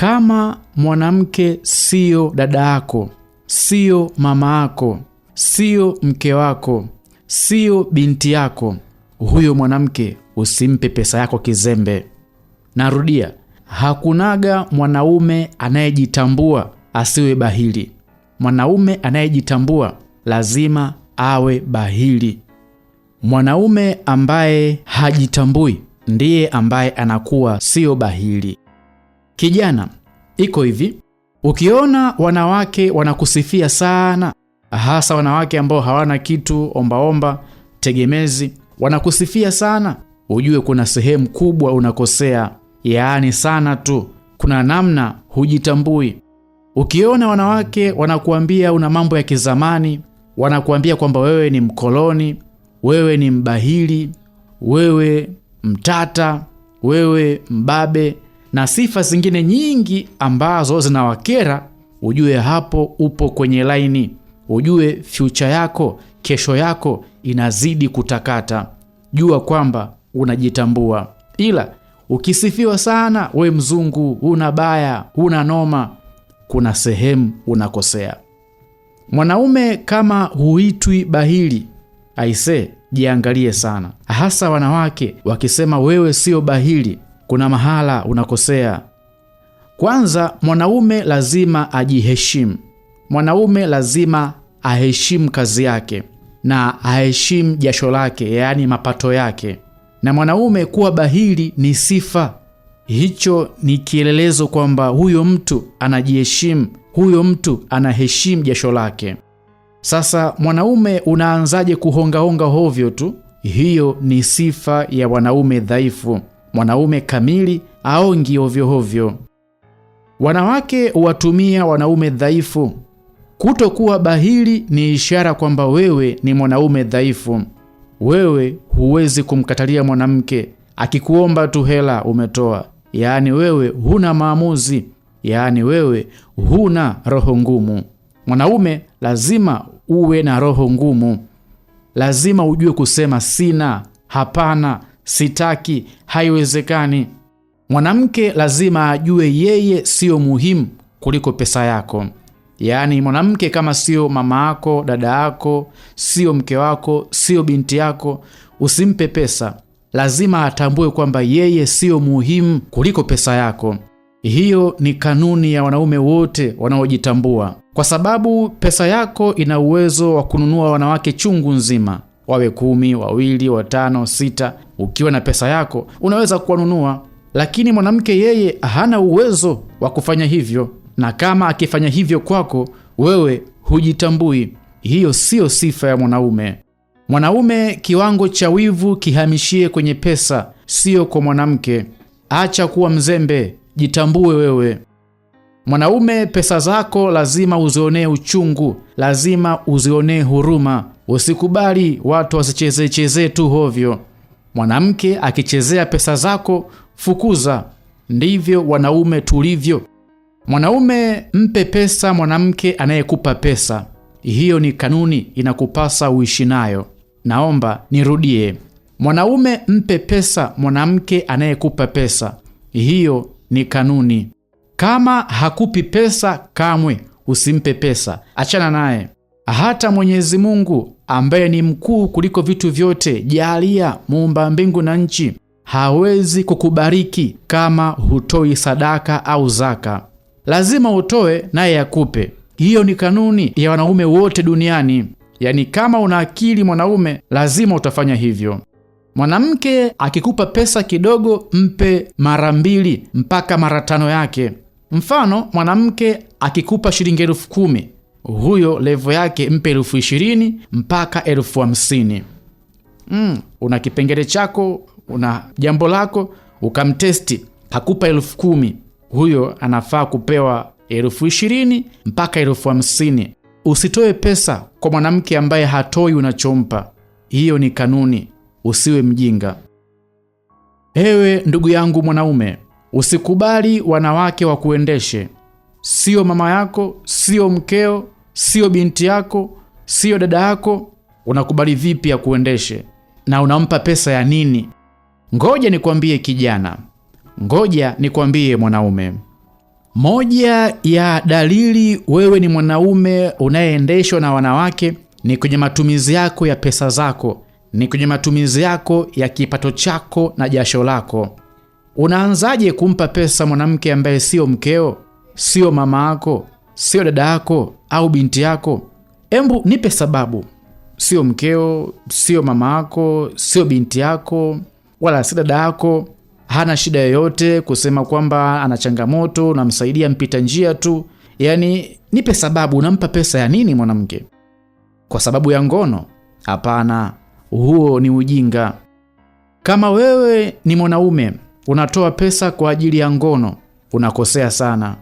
Kama mwanamke siyo dada yako, siyo mama yako, siyo mke wako, siyo binti yako, huyo mwanamke usimpe pesa yako kizembe. Narudia, hakunaga mwanaume anayejitambua asiwe bahili. Mwanaume anayejitambua lazima awe bahili. Mwanaume ambaye hajitambui ndiye ambaye anakuwa siyo bahili. Kijana, iko hivi, ukiona wanawake wanakusifia sana, hasa wanawake ambao hawana kitu, ombaomba, tegemezi, wanakusifia sana, ujue kuna sehemu kubwa unakosea, yaani sana tu, kuna namna hujitambui. Ukiona wanawake wanakuambia una mambo ya kizamani, wanakuambia kwamba wewe ni mkoloni, wewe ni mbahili, wewe mtata, wewe mbabe na sifa zingine nyingi ambazo zinawakera, ujue hapo upo kwenye laini, ujue fyucha yako, kesho yako inazidi kutakata. Jua kwamba unajitambua. Ila ukisifiwa sana, we mzungu, una baya, una noma, kuna sehemu unakosea. Mwanaume kama huitwi bahili, aise, jiangalie sana, hasa wanawake wakisema wewe sio bahili kuna mahala unakosea. Kwanza, mwanaume lazima ajiheshimu. Mwanaume lazima aheshimu kazi yake na aheshimu jasho lake, yaani mapato yake. Na mwanaume kuwa bahili ni sifa, hicho ni kielelezo kwamba huyo mtu anajiheshimu, huyo mtu anaheshimu jasho lake. Sasa mwanaume unaanzaje kuhongahonga hovyo tu? Hiyo ni sifa ya wanaume dhaifu mwanaume kamili aongi ovyohovyo. Wanawake huwatumia wanaume dhaifu. Kutokuwa bahili ni ishara kwamba wewe ni mwanaume dhaifu. Wewe huwezi kumkatalia mwanamke akikuomba tu hela, umetoa. Yaani wewe huna maamuzi, yaani wewe huna roho ngumu. Mwanaume lazima uwe na roho ngumu, lazima ujue kusema sina, hapana sitaki, haiwezekani. Mwanamke lazima ajue yeye siyo muhimu kuliko pesa yako. Yaani, mwanamke kama siyo mama yako, dada yako, siyo mke wako, siyo binti yako, usimpe pesa. Lazima atambue kwamba yeye siyo muhimu kuliko pesa yako. Hiyo ni kanuni ya wanaume wote wanaojitambua, kwa sababu pesa yako ina uwezo wa kununua wanawake chungu nzima wawe kumi, wawili, watano, sita. Ukiwa na pesa yako unaweza kuwanunua, lakini mwanamke yeye hana uwezo wa kufanya hivyo, na kama akifanya hivyo kwako wewe hujitambui. Hiyo siyo sifa ya mwanaume. Mwanaume, kiwango cha wivu kihamishie kwenye pesa, siyo kwa mwanamke. Acha kuwa mzembe, jitambue wewe mwanaume. Pesa zako lazima uzionee uchungu, lazima uzionee huruma. Usikubali watu wasichezecheze tu hovyo. Mwanamke akichezea pesa zako, fukuza. Ndivyo wanaume tulivyo. Mwanaume mpe pesa mwanamke anayekupa pesa. Hiyo ni kanuni, inakupasa uishi nayo. Naomba nirudie, mwanaume mpe pesa mwanamke anayekupa pesa. Hiyo ni kanuni. Kama hakupi pesa, kamwe usimpe pesa, achana naye. Hata Mwenyezi Mungu ambaye ni mkuu kuliko vitu vyote, Jalia muumba mbingu na nchi, hawezi kukubariki kama hutoi sadaka au zaka. Lazima utoe naye yakupe. Hiyo ni kanuni ya wanaume wote duniani. Yaani, kama una akili mwanaume, lazima utafanya hivyo. Mwanamke akikupa pesa kidogo, mpe mara mbili mpaka mara tano yake. Mfano, mwanamke akikupa shilingi elfu kumi huyo levo yake mpe elfu ishirini mpaka elfu hamsini. Mm, una kipengele chako, una jambo lako, ukamtesti kakupa elfu kumi, huyo anafaa kupewa elfu ishirini mpaka elfu hamsini. Usitoe pesa kwa mwanamke ambaye hatoi unachompa. Hiyo ni kanuni, usiwe mjinga. Ewe ndugu yangu mwanaume, usikubali wanawake wakuendeshe sio mama yako, sio mkeo, sio binti yako, sio dada yako, unakubali vipi kuendeshe Na unampa pesa ya nini? Ngoja nikwambie kijana, ngoja nikwambie mwanaume, moja ya dalili wewe ni mwanaume unayeendeshwa na wanawake ni kwenye matumizi yako ya pesa zako, ni kwenye matumizi yako ya kipato chako na jasho lako. Unaanzaje kumpa pesa mwanamke ambaye sio mkeo? sio mama yako, sio dada yako au binti yako. Embu nipe sababu. Sio mkeo, sio mama yako, sio binti yako, wala si dada yako. Hana shida yoyote kusema kwamba ana changamoto, namsaidia mpita njia tu. yani nipe sababu. Unampa pesa ya nini mwanamke? Kwa sababu ya ngono? Hapana, huo ni ujinga. Kama wewe ni mwanaume unatoa pesa kwa ajili ya ngono, unakosea sana.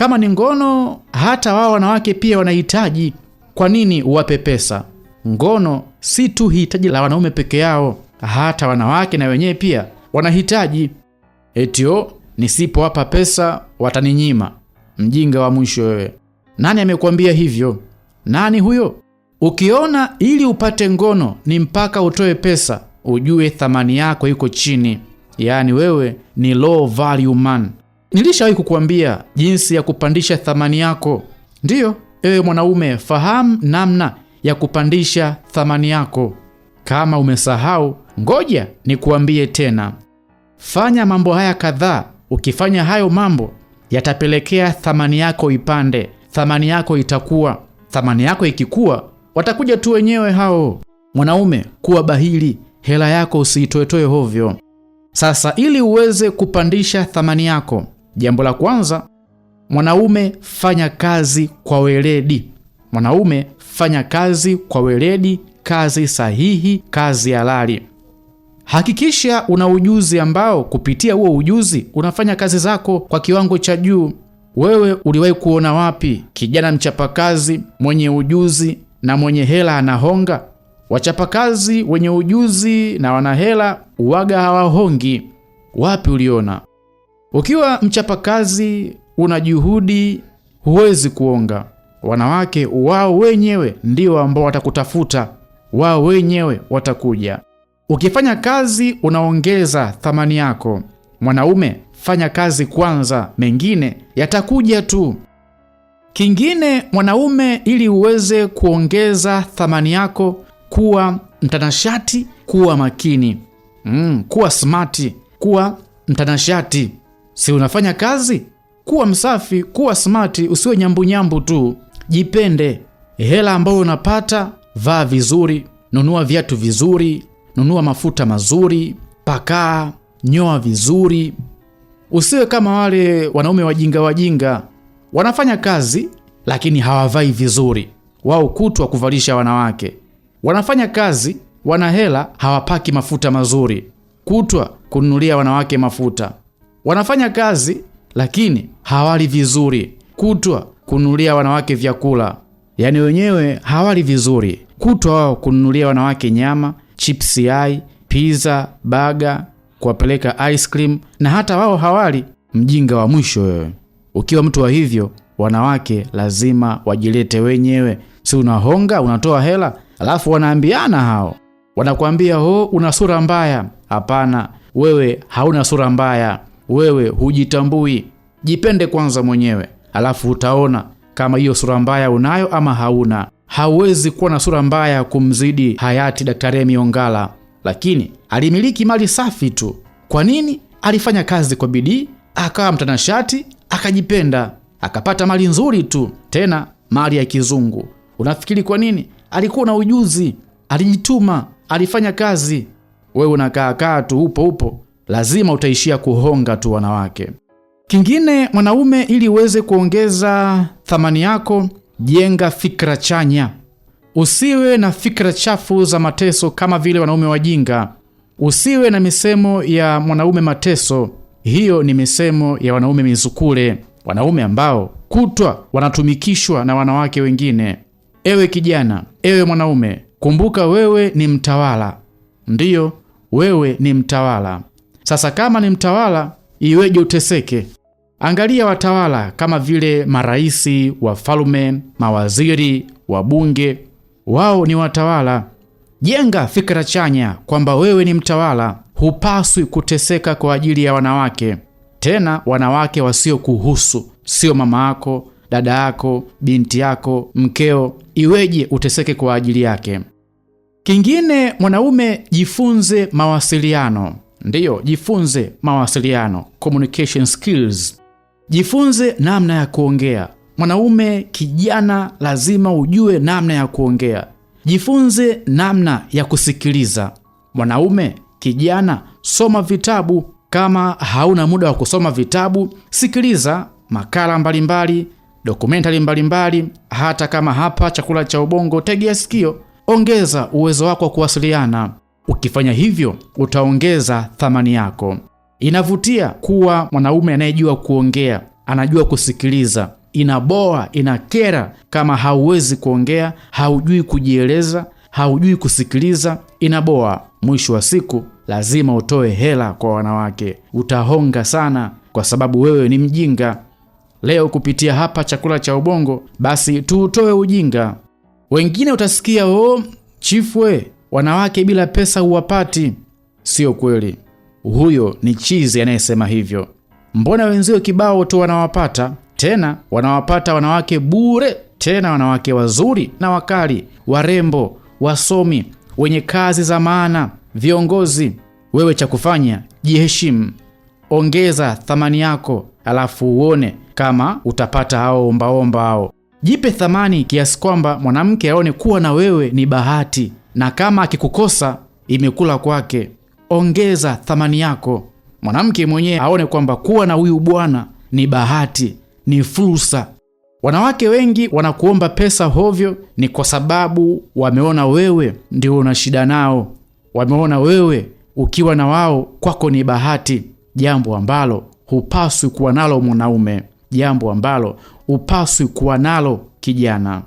Kama ni ngono, hata wao wanawake pia wanahitaji. Kwa nini uwape pesa? Ngono si tu hitaji la wanaume peke yao, hata wanawake na wenyewe pia wanahitaji. Etio, nisipowapa pesa wataninyima. Mjinga wa mwisho wewe! Nani amekuambia hivyo? Nani huyo? Ukiona ili upate ngono ni mpaka utoe pesa, ujue thamani yako iko chini, yaani wewe ni low value man. Nilishawahi kukuambia jinsi ya kupandisha thamani yako. Ndiyo, ewe mwanaume, fahamu namna ya kupandisha thamani yako. Kama umesahau, ngoja nikuambie tena. Fanya mambo haya kadhaa. Ukifanya hayo mambo, yatapelekea thamani yako ipande. Thamani yako itakuwa. Thamani yako ikikua, watakuja tu wenyewe hao. Mwanaume, kuwa bahili, hela yako usiitoetoe hovyo. Sasa, ili uweze kupandisha thamani yako Jambo la kwanza, mwanaume fanya kazi kwa weledi. Mwanaume fanya kazi kwa weledi, kazi sahihi, kazi halali. Hakikisha una ujuzi ambao kupitia huo ujuzi unafanya kazi zako kwa kiwango cha juu. Wewe uliwahi kuona wapi kijana mchapakazi mwenye ujuzi na mwenye hela anahonga? Wachapakazi wenye ujuzi na wanahela uwaga hawahongi. Wapi uliona? Ukiwa mchapakazi, una juhudi, huwezi kuonga. Wanawake wao wenyewe ndio ambao watakutafuta, wao wenyewe watakuja. Ukifanya kazi, unaongeza thamani yako. Mwanaume, fanya kazi kwanza, mengine yatakuja tu. Kingine mwanaume, ili uweze kuongeza thamani yako, kuwa mtanashati, kuwa makini. Mm, kuwa smart, kuwa mtanashati. Si unafanya kazi? Kuwa msafi, kuwa smati usiwe nyambunyambu tu. Jipende. Hela ambayo unapata, vaa vizuri, nunua viatu vizuri, nunua mafuta mazuri, pakaa, nyoa vizuri. Usiwe kama wale wanaume wajinga wajinga, wanafanya kazi lakini hawavai vizuri. Wao kutwa kuvalisha wanawake. Wanafanya kazi, wana hela, hawapaki mafuta mazuri, kutwa kununulia wanawake mafuta. Wanafanya kazi lakini hawali vizuri, kutwa kununulia wanawake vyakula, yani wenyewe hawali vizuri, kutwa wao kununulia wanawake nyama, chipsi, piza baga, kuwapeleka ice na hata wao hawali. Mjinga wa mwisho wewe! Ukiwa mtu wa hivyo, wanawake lazima wajilete wenyewe, si unahonga, unatoa hela, alafu wanaambiana hao, wanakuambia ho, oh, una sura mbaya. Hapana, wewe hauna sura mbaya wewe hujitambui. Jipende kwanza mwenyewe, alafu utaona kama hiyo sura mbaya unayo ama hauna. Hauwezi kuwa na sura mbaya kumzidi hayati Daktari miongala Ongala, lakini alimiliki mali safi tu. Kwa nini? Alifanya kazi kwa bidii, akawa mtanashati, akajipenda, akapata mali nzuri tu, tena mali ya kizungu. Unafikiri kwa nini? Alikuwa na ujuzi, alijituma, alifanya kazi. Wewe unakaakaa tu, upo upo lazima utaishia kuhonga tu wanawake. Kingine, mwanaume, ili uweze kuongeza thamani yako, jenga fikra chanya. Usiwe na fikra chafu za mateso kama vile wanaume wajinga. Usiwe na misemo ya mwanaume mateso, hiyo ni misemo ya wanaume mizukule, wanaume ambao kutwa wanatumikishwa na wanawake wengine. Ewe kijana, ewe mwanaume, kumbuka wewe ni mtawala. Ndiyo, wewe ni mtawala. Sasa kama ni mtawala, iweje uteseke? Angalia watawala kama vile maraisi, wafalume mawaziri, wabunge, wao ni watawala. Jenga fikra chanya kwamba wewe ni mtawala, hupaswi kuteseka kwa ajili ya wanawake, tena wanawake wasiokuhusu, sio mama yako, dada yako, binti yako, mkeo. Iweje uteseke kwa ajili yake? Kingine, mwanaume, jifunze mawasiliano. Ndiyo, jifunze mawasiliano, communication skills. Jifunze namna ya kuongea. Mwanaume kijana, lazima ujue namna ya kuongea. Jifunze namna ya kusikiliza. Mwanaume kijana, soma vitabu. Kama hauna muda wa kusoma vitabu, sikiliza makala mbalimbali, dokumentari mbalimbali, hata kama hapa Chakula cha Ubongo, tegea sikio. Ongeza uwezo wako wa kuwasiliana. Ukifanya hivyo utaongeza thamani yako. Inavutia kuwa mwanaume anayejua kuongea, anajua kusikiliza. Inaboa, inakera kama hauwezi kuongea, haujui kujieleza, haujui kusikiliza, inaboa. Mwisho wa siku lazima utoe hela kwa wanawake, utahonga sana kwa sababu wewe ni mjinga. Leo kupitia hapa Chakula cha Ubongo, basi tuutoe ujinga. Wengine utasikia o, oh, wanawake bila pesa huwapati. Sio kweli, huyo ni chizi anayesema hivyo. Mbona wenzio kibao tu wanawapata, tena wanawapata wanawake bure, tena wanawake wazuri na wakali, warembo, wasomi, wenye kazi za maana, viongozi. Wewe cha kufanya, jiheshimu, ongeza thamani yako, alafu uone kama utapata hao ombaomba hao. Jipe thamani kiasi kwamba mwanamke aone kuwa na wewe ni bahati, na kama akikukosa imekula kwake. Ongeza thamani yako, mwanamke mwenyewe aone kwamba kuwa na huyu bwana ni bahati, ni fursa. Wanawake wengi wanakuomba pesa hovyo, ni kwa sababu wameona wewe ndio una shida nao, wameona wewe ukiwa na wao kwako ni bahati, jambo ambalo hupaswi kuwa nalo mwanaume, jambo ambalo hupaswi kuwa nalo kijana.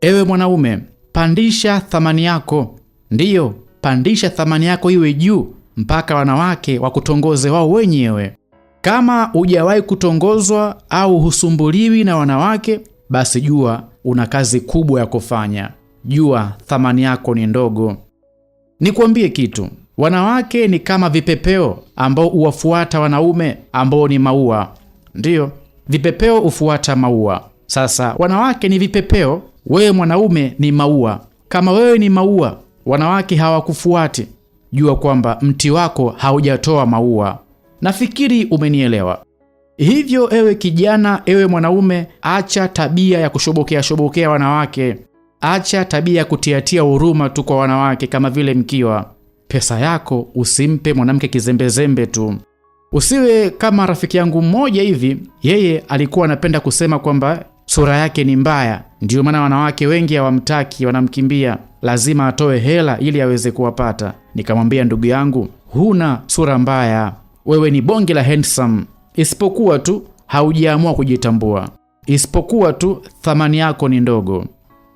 Ewe mwanaume pandisha thamani yako. Ndiyo, pandisha thamani yako iwe juu mpaka wanawake wakutongoze wao wenyewe. Kama hujawahi kutongozwa au husumbuliwi na wanawake, basi jua una kazi kubwa ya kufanya. Jua thamani yako ni ndogo. nikuambie kitu, wanawake ni kama vipepeo ambao huwafuata wanaume ambao ni maua. Ndiyo, vipepeo hufuata maua. Sasa wanawake ni vipepeo wewe mwanaume ni maua. Kama wewe ni maua, wanawake hawakufuati, jua kwamba mti wako haujatoa maua. Nafikiri umenielewa. Hivyo ewe kijana, ewe mwanaume, acha tabia ya kushobokea shobokea wanawake, acha tabia ya kutiatia huruma tu kwa wanawake kama vile mkiwa. Pesa yako usimpe mwanamke kizembezembe tu. Usiwe kama rafiki yangu mmoja hivi, yeye alikuwa anapenda kusema kwamba sura yake ni mbaya, ndiyo maana wanawake wengi hawamtaki, wanamkimbia. Lazima atoe hela ili aweze kuwapata. Nikamwambia, ndugu yangu, huna sura mbaya, wewe ni bonge la hensam isipokuwa tu haujaamua kujitambua, isipokuwa tu thamani yako ni ndogo.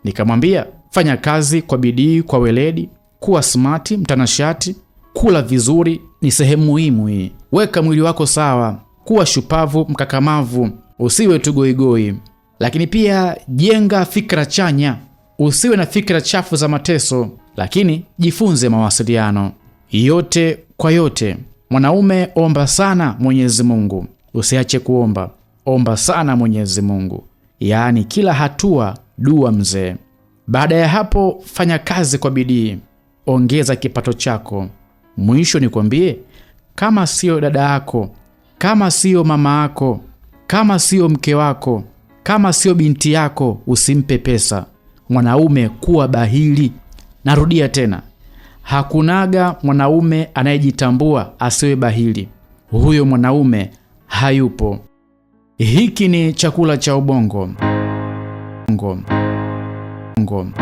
Nikamwambia, fanya kazi kwa bidii, kwa weledi, kuwa smati mtanashati, kula vizuri, ni sehemu muhimu hii. Weka mwili wako sawa, kuwa shupavu, mkakamavu, usiwe tu goigoi. Lakini pia jenga fikra chanya, usiwe na fikra chafu za mateso, lakini jifunze mawasiliano. Yote kwa yote, mwanaume, omba sana Mwenyezi Mungu, usiache kuomba, omba sana Mwenyezi Mungu, yaani kila hatua dua mzee. Baada ya hapo, fanya kazi kwa bidii, ongeza kipato chako. Mwisho nikwambie, kama siyo dada yako, kama siyo mama yako, kama siyo mke wako, kama sio binti yako, usimpe pesa. Mwanaume kuwa bahili. Narudia tena, hakunaga mwanaume anayejitambua asiwe bahili. Huyo mwanaume hayupo. Hiki ni chakula cha ubongo. Ngom.